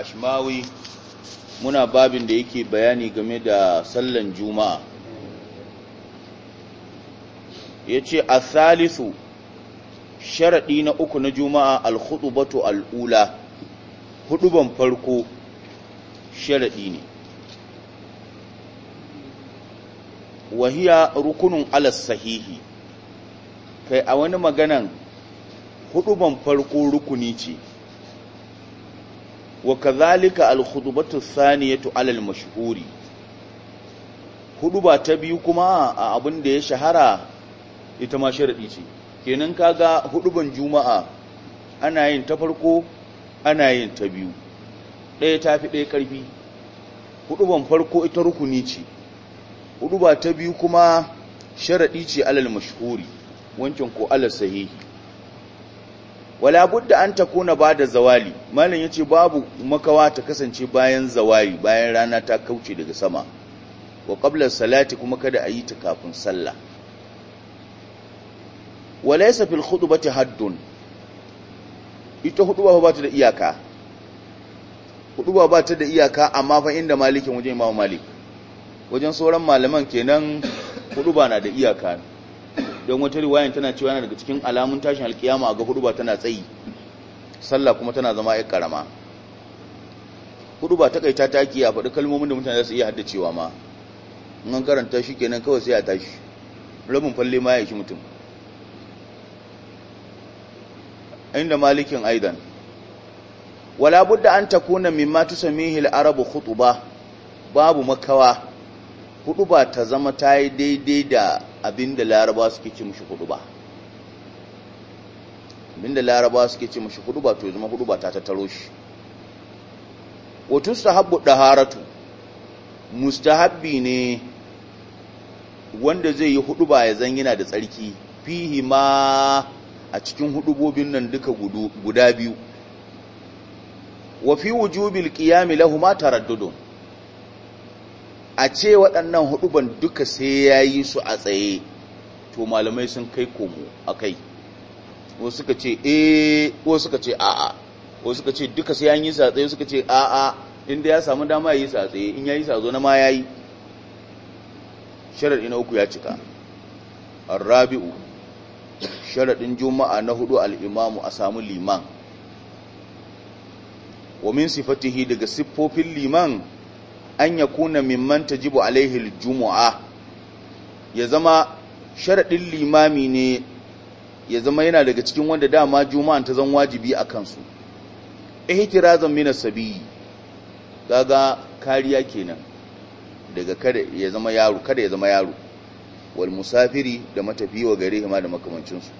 ashmawi muna babin da yake bayani game da sallan juma'a ya ce a salisu sharaɗi na uku na juma'a alhudubatu al'ula huduban farko sharaɗi ne wahiya rukunin alas sahihi kai a wani maganan huduban farko rukuni ce wa kazalika al-khutbatu thaniyatu al mashhuri huduba ta biyu kuma a abin da ya shahara ita ma sharadi ce kenan kaga huduban juma'a ana yin ta farko ana yin ta biyu ɗaya tafi ɗaya ƙarfi huduban farko ita rukuni ce huduba ta biyu kuma sharadi ce al mashhuri wancan ko ala sahihi wala budda an ba bada zawali malam ce babu makawa ta kasance bayan zawali bayan rana ta kauce daga sama wa qabla salati kuma kada a yi ta kafin sallah hudu ba ta haddun ita hudu ba ta da iyaka hudu ba ta da iyaka amma fa inda malikin wajen imamu malik wajen sauran malaman kenan ba na da iyaka don wata riwaya tana cewa yana daga cikin alamun tashin alkiyama ga ga ba tana tsayi sallah kuma tana zama ya karama huduba ta kai ta taki a faɗi kalmomin da mutane za su iya haddacewa ma in an karanta shi kenan kawai sai a tashi rabin falle ma ya shi mutum inda malikin aidan wala budda an takuna mimma tusamihi al-arabu khutuba babu makawa hudu ba ta zama ta yi daidai da abinda laraba suke ce mashi hudu ba abinda laraba suke ce mashi hudu ba to zama hudu ba ta tattaro shi wato Haratu. daharatu mustahabbi ne wanda zai yi hudu ba ya zan yana da tsarki fihi ma a cikin gobin nan duka guda biyu wa fi wujubil qiyam ma taraddudun a ce waɗannan huduban duka sai ya yi su a tsaye to malamai sun kai komo a kai wasu suka ce e, wasu suka ce a'a wasu suka ce duka sai an yi su a tsaye suka ce a'a inda ya samu dama ya yi su a tsaye in ya yi su a zo na ma ya yi sharaɗi na uku ya cika rabi'u sharaɗin juma'a na hudu al'imamu a samu liman wa min sifatihi daga siffofin liman an ya kuna mimman ta jibu alaihil juma'a ya zama sharaɗin limami ne ya zama yana daga cikin wanda dama juma'an ta zan wajibi a kansu razan min sabiyi kaga kariya kenan daga kada ya zama yaro kada ya zama yaro wal musafiri da matafi wa gare hima da makamancinsu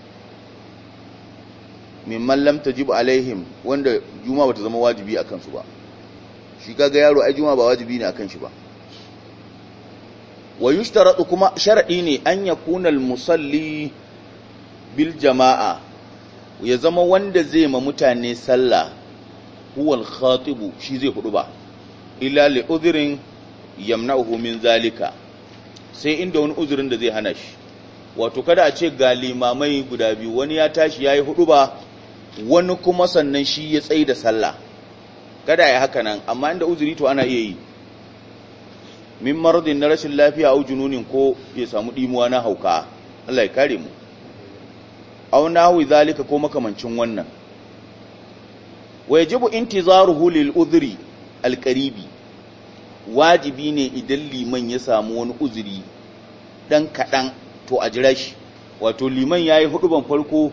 mimman lam Jibu alaihim wanda juma'a bata zama wajibi a kansu ba shi kaga yaro ai juma'a ba wajibi ne akan shi ba wa yushtaratu kuma sharadi ne an yakuna al-musalli bil jama'a ya zama wanda zai ma mutane sallah huwa al-khatibu shi zai hudu ba illa li udhrin yamna'uhu min zalika sai inda wani uzurin da zai hana shi wato kada a ce ga limamai guda biyu wani ya tashi yayi hudu ba wani kuma sannan shi ya tsaye da sallah kada ya haka nan amma inda uzuri to ana iya yi min marudin na rashin lafiya au nunin ko ya samu dimuwa na hauka Allah ya kare mu Auna hui zalika ko makamancin wannan wajibu intizaru hulil udhri al wajibi ne idan liman ya samu wani uzuri dan kaɗan, to a jira shi wato liman ya yayi ban farko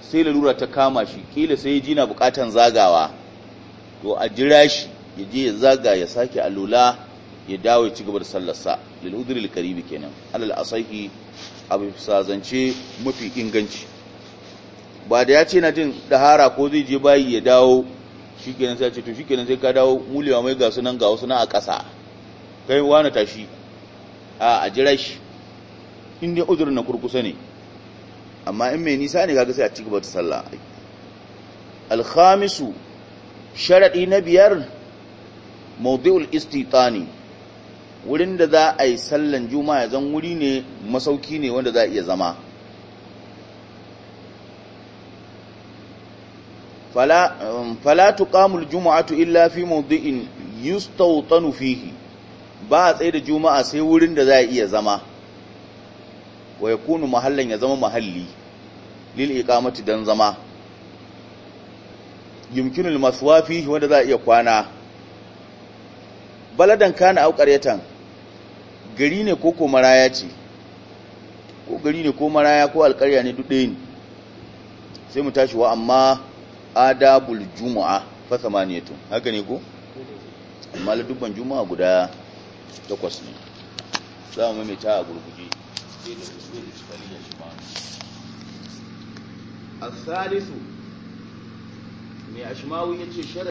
sai lalura ta kama shi kila sai ji na bukatan zagawa to a jira shi ya je ya zaga ya sake alula ya dawo ya ci gaba da sallarsa lil udril karibi kenan alal asahi abu sazance mafi inganci ba da ya ce na jin dahara ko zai je bayi ya dawo shikenan sai ya ce to shikenan sai ka dawo mulewa mai ga sunan ga wasu na a ƙasa kai wani tashi a a jira shi inda udurin na kurkusa ne amma in mai nisa ne kaga sai a ci gaba da sallah alkhamisu sharaɗi na biyar maudu'ul istitani wurin da za a yi sallan juma'a ya zan wuri ne masauki ne wanda za a iya zama fala um, tuqamul juma'atu illa fi mawdi'in yustawtanu fihi ba a tsaye da juma'a sai wurin da za a iya zama wa yakunu mahallan ya zama mahalli lil iqamati dan zama yumkinul maswafi wanda za a iya kwana baladan kana au qaryatan gari ne ko ko maraya ce ko gari ne ko maraya ko alƙarya ne duk ɗaya ne sai mu tashi wa amma adabul juma'a fa samaniyatun haka ne ko amma la dubban juma'a guda takwas ne za mu maimaita a gurguje الثالث يعني عشماوي يجي